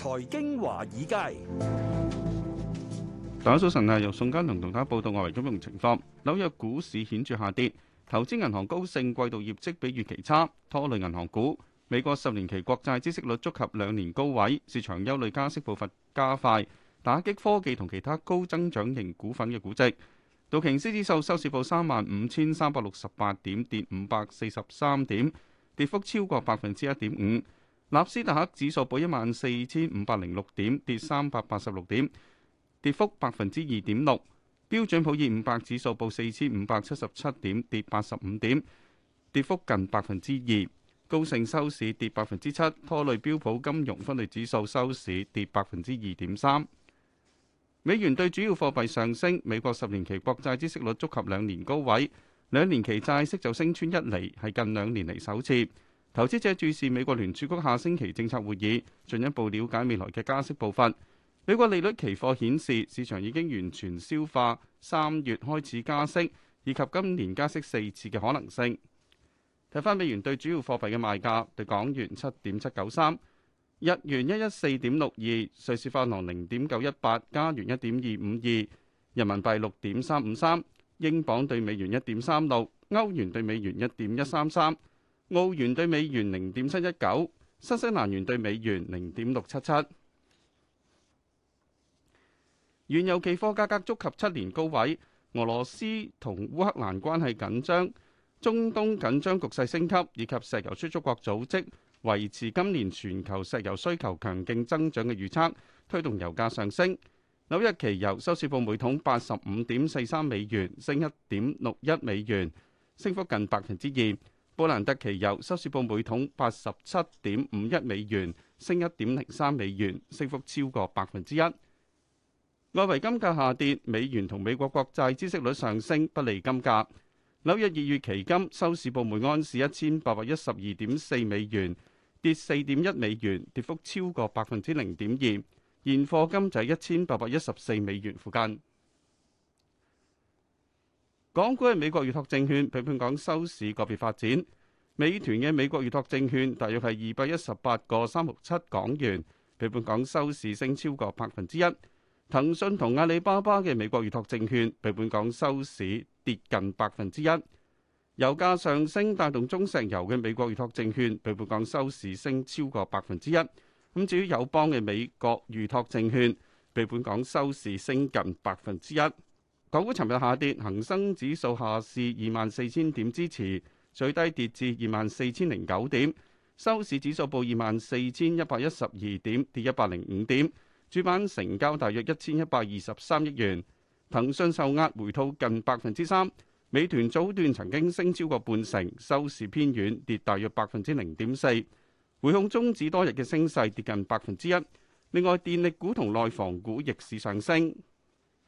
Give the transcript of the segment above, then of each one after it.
財經華爾街，大家早晨啊！由宋嘉倫同大家報道外圍金融情況。紐約股市顯著下跌，投資銀行高盛季度業績比預期差，拖累銀行股。美國十年期國債孳息率觸及兩年高位，市場憂慮加息步伐加快，打擊科技同其他高增長型股份嘅估值。道瓊斯指數收市報三萬五千三百六十八點，跌五百四十三點，跌幅超過百分之一點五。納斯達克指數報一萬四千五百零六點，跌三百八十六點，跌幅百分之二點六。標準普爾五百指數報四千五百七十七點，跌八十五點，跌幅近百分之二。高盛收市跌百分之七，拖累標普金融分類指數收市跌百分之二點三。美元兌主要貨幣上升，美國十年期國債孳息率觸及兩年高位，兩年期債息就升穿一厘，係近兩年嚟首次。投資者注視美國聯儲局下星期政策會議，進一步了解未來嘅加息部分。美國利率期貨顯示，市場已經完全消化三月開始加息以及今年加息四次嘅可能性。睇翻美元對主要貨幣嘅賣價：對港元七點七九三，日元一一四點六二，瑞士法郎零點九一八，加元一點二五二，人民幣六點三五三，英鎊對美元一點三六，歐元對美元一點一三三。澳元兌美元零點七一九，新西蘭元兌美元零點六七七。原油期貨價格觸及七年高位。俄羅斯同烏克蘭關係緊張，中東緊張局勢升級，以及石油輸出國組織維持今年全球石油需求強勁增長嘅預測，推動油價上升。紐約期油收市報每桶八十五點四三美元，升一點六一美元，升幅近百分之二。布蘭特期油收市報每桶八十七點五一美元，升一點零三美元，升幅超過百分之一。外圍金價下跌，美元同美國國債孳息率上升，不利金價。紐約二月期金收市報每安士一千八百一十二點四美元，跌四點一美元，跌幅超過百分之零點二。現貨金就係一千八百一十四美元附近。港股嘅美國預託證券，比本港收市個別發展。美團嘅美國預託證券大約係二百一十八個三毫七港元，比本港收市升超過百分之一。騰訊同阿里巴巴嘅美國預託證券，比本港收市跌近百分之一。油價上升帶動中石油嘅美國預託證券，比本港收市升超過百分之一。咁至於友邦嘅美國預託證券，比本港收市升近百分之一。港股尋日下跌，恒生指數下試二萬四千點支持，最低跌至二萬四千零九點，收市指數報二萬四千一百一十二點，跌一百零五點。主板成交大約一千一百二十三億元。騰訊受壓回吐近百分之三，美團早段曾經升超過半成，收市偏軟，跌大約百分之零點四。匯控終止多日嘅升勢，跌近百分之一。另外，電力股同內房股逆市上升。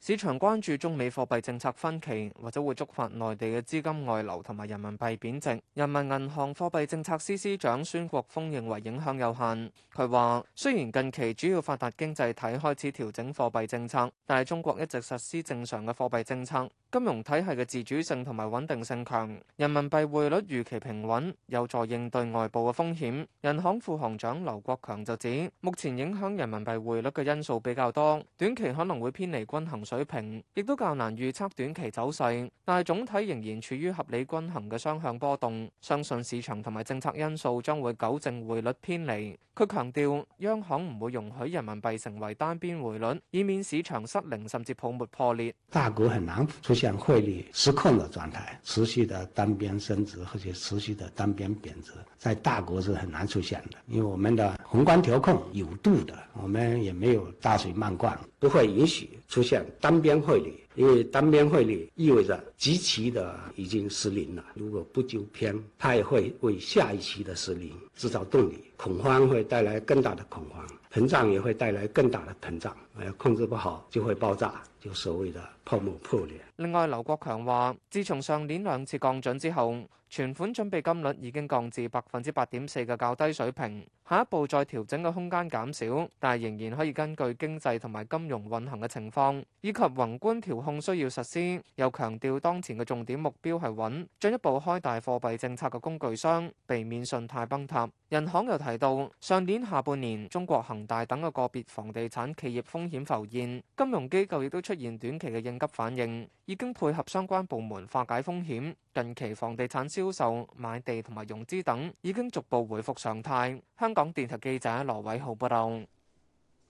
市場關注中美貨幣政策分歧，或者會觸發內地嘅資金外流同埋人民幣貶值。人民銀行貨幣政策司司長孫國峰認為影響有限。佢話：雖然近期主要發達經濟體開始調整貨幣政策，但係中國一直實施正常嘅貨幣政策。金融體系嘅自主性同埋穩定性強，人民幣匯率預期平穩，有助應對外部嘅風險。人行副行長劉國強就指，目前影響人民幣匯率嘅因素比較多，短期可能會偏離均衡水平，亦都較難預測短期走勢，但係總體仍然處於合理均衡嘅雙向波動，相信市場同埋政策因素將會糾正匯率偏離。佢強調央行唔會容許人民幣成為單邊匯率，以免市場失靈甚至泡沫破裂。大股係難。像匯率失控的狀態，持續的單邊升值或者持續的單邊貶值，在大國是很難出現的。因為我們的宏觀調控有度的，我們也沒有大水漫灌，不會允許出現單邊匯率。因為單邊匯率意味着極其的已經失靈了，如果不糾偏，它也會為下一期的失靈製造動力，恐慌會帶來更大的恐慌，膨脹也會帶來更大的膨脹，誒，控制不好就會爆炸，就所謂的泡沫破裂。另外，劉國強話，自從上年兩次降準之後，存款準備金率已經降至百分之八點四嘅較低水平。下一步再調整嘅空間減少，但係仍然可以根據經濟同埋金融運行嘅情況以及宏觀調控需要實施。又強調當前嘅重點目標係穩，進一步開大貨幣政策嘅工具箱，避免信貸崩塌。人行又提到，上年下半年中國恒大等嘅個別房地產企業風險浮現，金融機構亦都出現短期嘅應急反應，已經配合相關部門化解風險，近期房地產銷售、買地同埋融資等已經逐步回復常態。香。香港電台記者羅偉浩報道：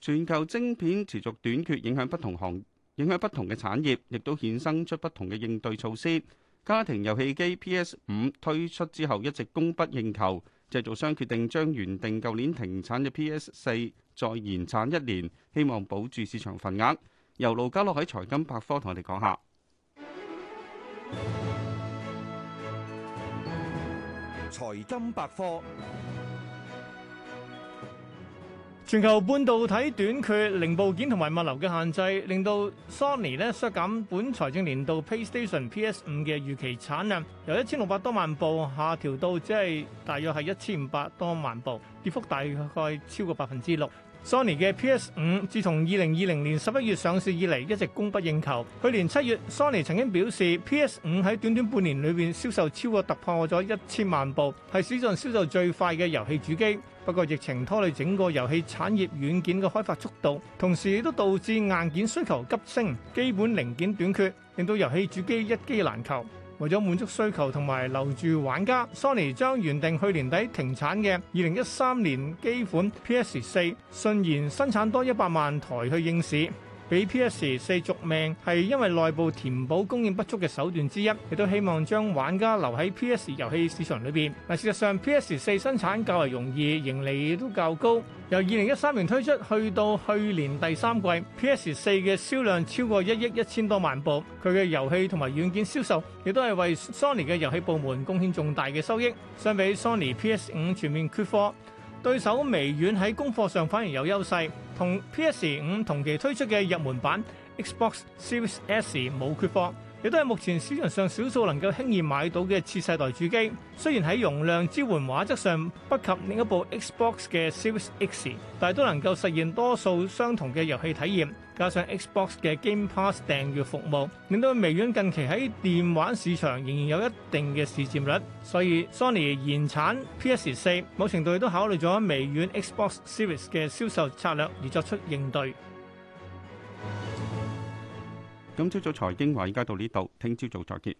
全球晶片持續短缺，影響不同行，影響不同嘅產業，亦都衍生出不同嘅應對措施。家庭遊戲機 PS 五推出之後一直供不應求，製造商決定將原定舊年停產嘅 PS 四再延產一年，希望保住市場份額。由盧家樂喺財金百科同我哋講下財金百科。全球半導體短缺、零部件同埋物流嘅限制，令到 Sony 咧縮減本財政年度 PlayStation PS 五嘅預期產量，由一千六百多萬部下調到即係大約係一千五百多萬部，跌幅大概超過百分之六。Sony 嘅 PS 五自從2020年十一月上市以嚟，一直供不應求。去年七月，Sony 曾經表示 PS 五喺短短半年裏面銷售超過突破咗一千萬部，係史上銷售最快嘅遊戲主機。不過疫情拖累整個遊戲產業軟件嘅開發速度，同時亦都導致硬件需求急升，基本零件短缺，令到遊戲主機一機難求。為咗滿足需求同埋留住玩家，Sony 將原定去年底停產嘅2013年機款 PS4 順延生產多一百萬台去應市，畀 PS4 續命係因為內部填補供應不足嘅手段之一，亦都希望將玩家留喺 PS 遊戲市場裡面。嗱，事實上 PS4 生產較為容易，盈利都較高。由二零一三年推出去到去年第三季，PS 四嘅銷量超過一億一千多萬部，佢嘅遊戲同埋軟件銷售亦都係為 Sony 嘅遊戲部門貢獻重大嘅收益。相比 Sony PS 五全面缺貨，對手微軟喺供貨上反而有優勢，同 PS 五同期推出嘅入門版 Xbox Series S 冇缺貨。亦都係目前市場上少數能夠輕易買到嘅次世代主機，雖然喺容量支援畫質上不及另一部 Xbox 嘅 Series X，但係都能夠實現多數相同嘅遊戲體驗。加上 Xbox 嘅 Game Pass 訂閱服務，令到微軟近期喺電玩市場仍然有一定嘅市佔率。所以 Sony 延產 PS4，某程度亦都考慮咗微軟 Xbox Series 嘅銷售策略而作出應對。今朝早財經話，而家到呢度，聽朝早再見。